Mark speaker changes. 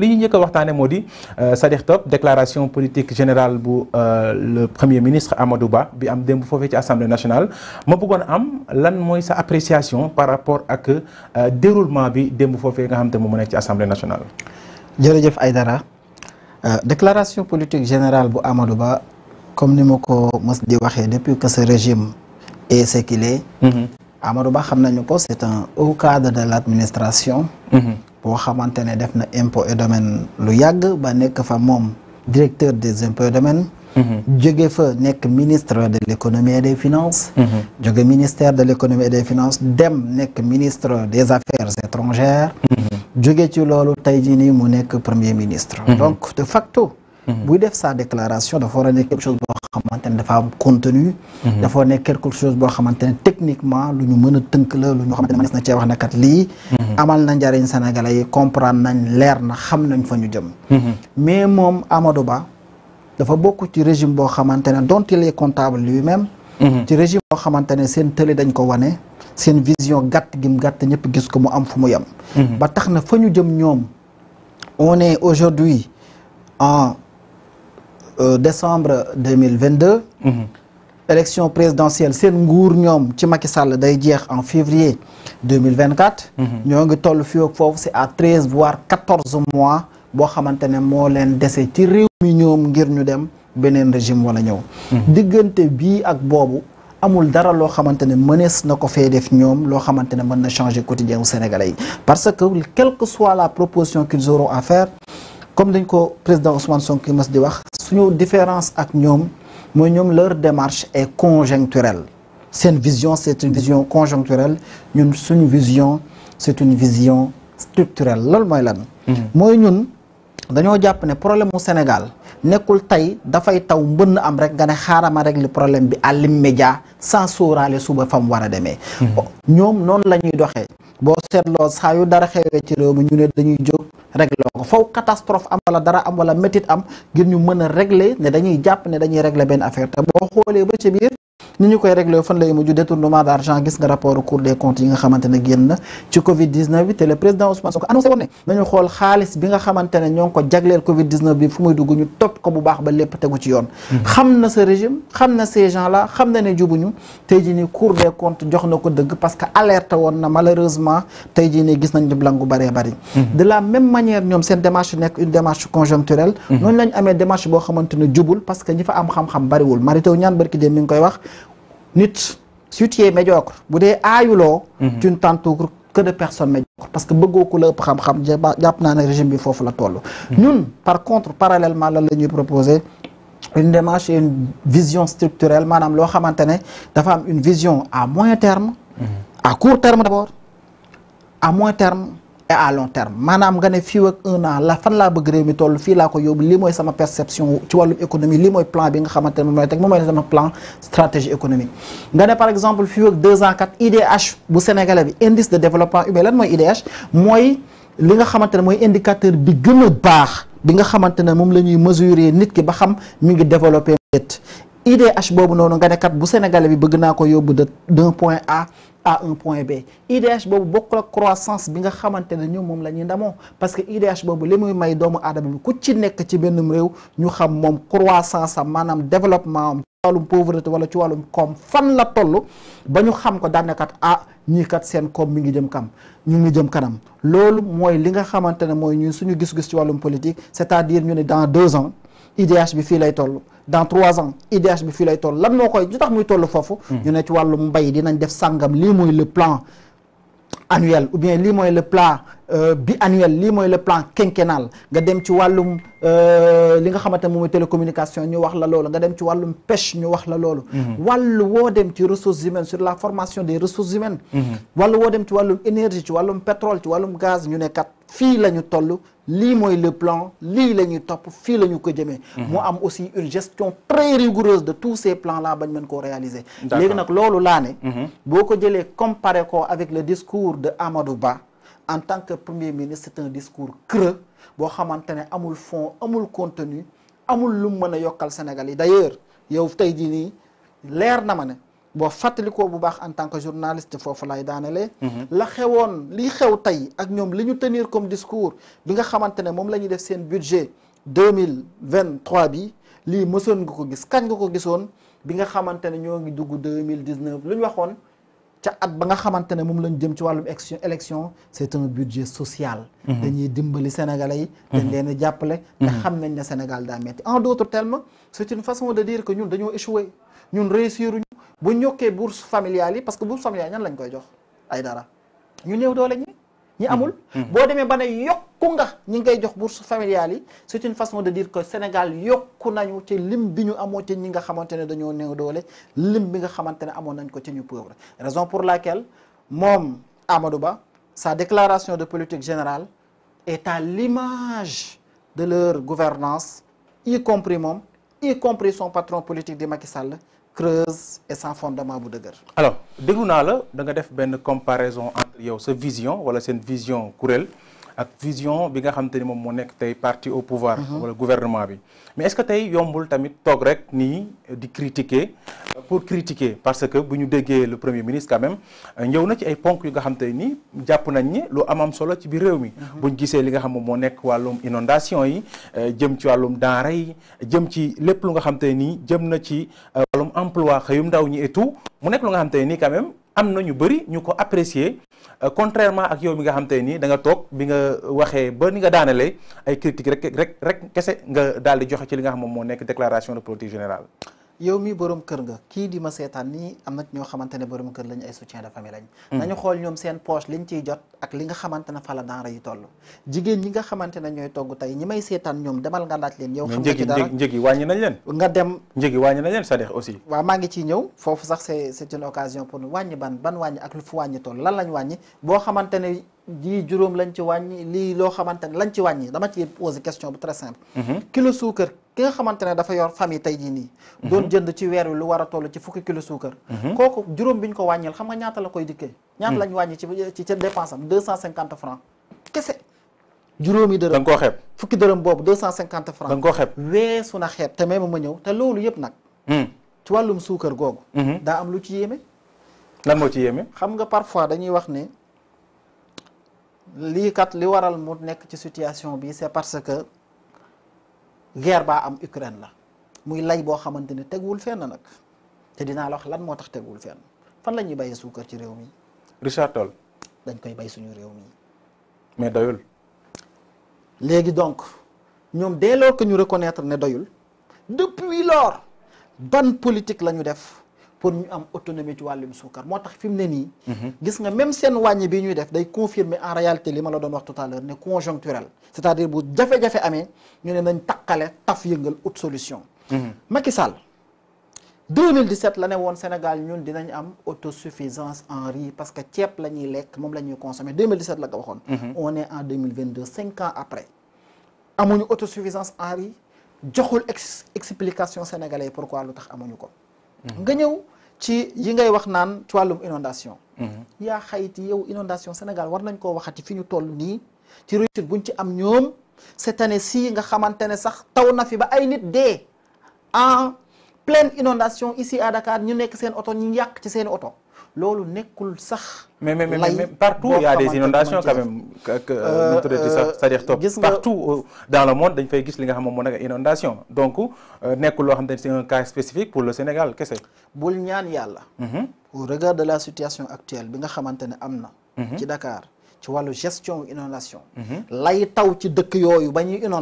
Speaker 1: li ñu njëkk a waxtaane moo di euh, sa Top déclaration politique générale bu euh, le premier ministre Amadou Ba bi am démb foofee ci assemblée nationale ma bëggoon am lan mooy sa appréciation par rapport ak euh, déroulement bi démb foofee nga xam te mu nekk ci assemblée nationale. jërëjëf dara déclaration politique générale bu Amadou Ba comme ni ma
Speaker 2: ko mës di waxee depuis que ce régime et ce qu'il est. Mm-hmm. Amadou Ba xam nañu ko c'est un haut cadre de l'administration. Mm-hmm. boo xamante ne def na impôt et domaine lu yàgg ba nekk fa moom directeur des impôts et domaines mhm. jóge fa nekk ministre de l'économie et des finance mhm. jóge ministère de l'économie et des finances dem nekk ministre des affaires étrangères mhm. jóge ci loolu tey jii nii mu nekk premier ministre donc de facto Mm-hmm. buy def sa déclaration dafa war a nekk quelque chose boo xamante ne dafa am contenu mm-hmm. dafa war a nekk chose boo xamante ne techniquement lu ñu mën tënk la lu ñu xamante ne mënees na cee wax ne kat lii mm-hmm. amal na njariñ Sénégalais yi comprendre nañ leer na xam nañ fa ñu jëm mais moom Amadou Ba dafa bokk ci régime boo xamante ne dont il est comptable lui-même ci régime boo xamante seen tëli dañ ko wane seen vision gàtt gim gàtt ñëpp gis ko mu am fu mu yem ba tax na fa ñu jëm ñoom on est aujourd'hui Euh, décembre 2022 mhm. élection présidentielle seen nguur ñoom ci Macky Sall day jeex en février 2024 mhm. ñoo ngi toll fii ak foofu c'est à treize voire quatorze mois boo xamante ne moo leen dese ci réew mi ñoom ngir ñu dem beneen régime wala ñëw mhm. diggante bii ak boobu amul dara loo xamante ne mënees na ko fee def ñoom loo xamante ne mën na changer quotidien wu sénégalais yi parce que quelle que soit la proposition qu'ils auront à faire comme dañ ko président Ousmane Sonko mas di wax suñu différence ak ñoom mooy ñoom leur démarche est conjoncturelle seen vision c'est une vision conjoncturelle ñun suñu vision c'est une vision structurelle mooy lan mhm. mooy ñun dañoo jàpp ne problème mu Sénégal nekkul tey dafay taw mbënn am rek nga ne xaaral ma régler problème bi à l'immédiat sans sóoraale suba fa mu war a demee. Hmm. ñoom noonu la ñuy doxee boo seetloo saa yu dara xewee ci réew mi ñu ne dañuy jóg régler ko faw catastrophe am wala dara am wala métit am ngir ñu mën a régler ne dañuy jàpp ne dañuy régler benn affaire te boo xoolee ba ci biir. ni ñu koy réglé fan lay mujj détournement d' argent gis nga rapport cour des comptes yi nga xamante génn ci Covid 19 bi te le président Ousmane Sonko annoncé woon ne nañu xool xaalis bi nga xamante ñoo ko jagleel Covid 19 bi fu muy dugg ñu topp ko bu baax ba lépp tegu ci yoon. Mhm. xam na sa régime xam na ces gens là xam na ne jubuñu tey jii nii cour des comptes jox na ko dëgg parce que alerte woon na malheureusement tey jii nii gis nañ di blangu nit si tu es médiocre bu dee aayuloo mhm. tu ne t'entoures que de personnes médiocres parce que bëggoo ku la ëpp xam-xam jàpp naa ne régime bi foofu la toll mhm. ñun par contre parallèlement lan la ñuy proposer une démarche et vision structurelle maanaam loo xamante ne dafa am une vision à moyen terme mhm. à court terme d'abord à moyen terme e à long terme maanaam nga ne fii ak un an la fan laa bëgg réew mi toll fii laa ko yóbbu lii mooy sama perception ci wàllum économie li mooy plan bi nga xamante ne moom mooy teg moom mooy sama économique nga par exemple fii ak deux ans kat IDH bu sénégalais bi indice de développement humain mooy IDH xamante ne mooy indicateur bi gën a baax bi nga xamante ne moom la ñuy mesurer nit ki ba xam mu ngi développé nit IDH boobu noonu nga ne kat bu sénégalais bi bëgg naa ko yóbbu de d'un point A à un point B IDH boobu bokkul ak croissance bi nga xamante ne ñoom moom la ñuy ndamoo parce que IDH boobu li muy may doomu aadama bi ku ci nekk ci benn réew ñu xam moom croissance am maanaam développement am ci wàllum pauvreté wala ci wàllum koom fan la toll ba ñu xam ko daanekat ah ñii kat seen koom mi ngi jëm kam ñu ngi jëm kanam loolu mooy li nga xamante ne mooy ñun suñu gis-gis ci wàllum politique c'est-à-dire ñu ne dans deux ans. IDH bi fii lay toll dans trois ans IDH bi fii lay toll lan moo koy lu tax muy toll foofu hmm. ñu ne ci wàllum mbay dinañ def sàngam lii mooy le plan annuel ou bien lii mooy le plan Euh, biannuel lii mooy le plan quinquennal nga dem ci wàllum euh, li nga xamante moom mooy télécommunication ñu wax la loolu nga dem ci wàllum pêche ñu wax la loolu mhm. wàllu woo dem ci ressources humaines sur la formation des ressources humaines mhm. wàllu woo dem ci wàllum énergie ci wàllum pétrole ci wàllum gaz ñu ne fii la ñu toll lii mooy le plan lii la topp fii la ko jëmee mhm. mu am aussi une gestion très rigoureuse de tous ces plans là bañ mën koo réaliser léegi nag en tant que premier ministre c'est un discours creux boo xamante ne amul fond amul contenu amul lu mën a yokkal Sénégal yi d'ailleurs yow tey jii nii leer na ma ne boo fàttalikoo bu baax en tant que journaliste foofu lay daanale mhm. la xewoon li xew tey ak ñoom li ñu tenir comme discours bi nga xamante ne moom la ñuy def seen budget deux mille vingt trois bi lii mësoon nga ko gis kañ nga ko gisoon bi nga xamante ne ñoo ngi dugg deux mille dix neuf lu ñu waxoon. ca at ba nga xamante ne moom lañ jëm ci wàllum élection élection c'est un budget social mhm. dañuy dimbali sénégalais yi mhm. dañ leen di jàppale te mhm. xam nañ ne Sénégal daa metti en d'autres termes c'est une façon de dire que ñun dañoo échoué ñun réussir ñu bu ñokkee bourse familiale yi parce que bourse familiale ñan lañ koy jox ay dara ñu néew doole ñi ñi amul mhm. boo demee ba ne yokku nga ñi ngay jox bourse familiale yi c'est une façon de dire que Sénégal yokku nañu ci lim bi ñu amoo ci ñi nga xamante ne dañoo néew doole lim bi nga xamante ne amoon nañ ko ci ñu pauvre raison pour laquelle moom Amadou Ba sa déclaration de politique générale est à l'image de leur gouvernance y compris moom y compris son patron politique di Macky Sall creuse et sans fondement bu dëgër
Speaker 1: alors déglu naa la da def benn comparaison entre yow sa vision wala seen vision kuréel ak vision bi nga xam te moom moo nekk tey parti au pouvoir mhm. wala gouvernement bi mais est-ce que tey yombul tamit toog rek nii di critiquer pour critiquer parce que bu ñu déggee le premier ministre quand même euh, ñëw na ci ay ponk yu nga xam te nii jàpp nañ ni lu amam solo ci biir réew mi mhm. buñ gisee li nga xam moom moo nekk wàllum inondation yi euh, jëm ci wàllum denrée yi jëm ci lépp lu nga xam te nii jëm na ci euh, wàllum emploi ndaw ñi et am na ñu bëri ñu ko apprécier euh, contrairement ak yow mi nga xam te nii da nga toog bi nga waxee ba ni nga daanale ay critique rek rek rek kese nga daal di joxe ci li nga xam moom moo nekk déclaration de politique générale
Speaker 2: yow mii boroom kër nga kii di ma seetaan nii am na ñoo xamante ne borom kër lañ ay soutien de famille lañ hmm. nañu xool ñoom seen poche liñ ciy jot ak li nga xamante ne fa la denrée yi toll jigéen ñi nga xamante ne ñooy togg tey ñi may seetaan ñoom demal nga laaj leen yow xam nga ci dara
Speaker 1: njëg yi wàññi nañ leen nga dem njëg yi wàññi nañ leen cest à aussi
Speaker 2: waa maa ngi ci ñëw foofu sax c'est c'est une occasion pour wàññi ban ban wàññi ak lu fu wàññi toll lan lañ wàññi boo xamante ne lii juróom lañ ci wàññi lii loo xamante ne lañ ci wàññi dama ci posé question bu très simple. Mhm. kilo suukar ki nga xamante ne dafa yor famille tey jii nii. Mhm. doon jënd ci weer wi lu war a toll ci fukki kilo suukar. Mhm. kooku juróom bi ñu ko wàññil xam nga ñaata la koy dikkee. ñaata lañ wàññi ci ci deux cent cinquante franc kese. juróomi dërëm da koo xeeb fukki dërëm boobu deux koo xeeb weesu na xeeb te même ma ñëw te loolu yëpp nag ci wàllum suukar googu lii kat li waral mu nekk ci situation bi c'est parce que guerre baa am Ukraine la muy lay boo xamante ni teguwul fenn nag te dinaa la wax lan moo tax teguwul fenn fan la ñuy béyee suukar ci réew mi. Richard Toll. dañ koy bay suñu réew mi.
Speaker 1: mais doyul. léegi donc
Speaker 2: ñoom dès lors que ñu reconnaître ne doyul depuis lors ban politique la ñu def. pour ñu am autonomie ci wàllum suukar moo tax fi mu ne nii. Mhm. gis nga même seen wàññi bi ñuy def day confirmer en réalité li ma la doon wax tout à l'heure ne conjoncturel c'est-à-dire bu jafe-jafe amee ñu ne nañ taqale taf yëngal mhm. la ne woon Sénégal ñun dinañ am autosuffisance en riz parce que ceeb la ñuy lekk moom la ñuy consommer 2017 la ko waxoon. Mhm. on est en 2022 cinq ans après. amuñu autosuffisance en riz joxul explication sénégalais pourquoi lu tax amuñu ko. ci yi ngay wax naan ci wàllum inondation mhm. yaa xayti yow inondation Sénégal war nañ koo waxati fi ñu toll nii ci réussite buñ ci am ñoom cette année ci nga xamante ne sax taw na fi ba ay nit dee en pleine inondation ici à Dakar ñu nekk seen oto ñu yàq ci seen oto loolu nekkul sax.
Speaker 1: mais mais mais partout il a des inondations quand même. Euh, euh, euh, partout dans le monde dañ fay gis li nga xam moom moo nekk inondation donc nekkul loo xamante ne c'est un cas spécifique pour le Sénégal kese.
Speaker 2: bul ñaan yàlla. Mhm. au regard de la situation actuelle bi nga xamante ne am na. Mhm. ci Dakar ci wàllu gestion inondation. Mhm. lay taw ci dëkk yooyu ba ñuy inondation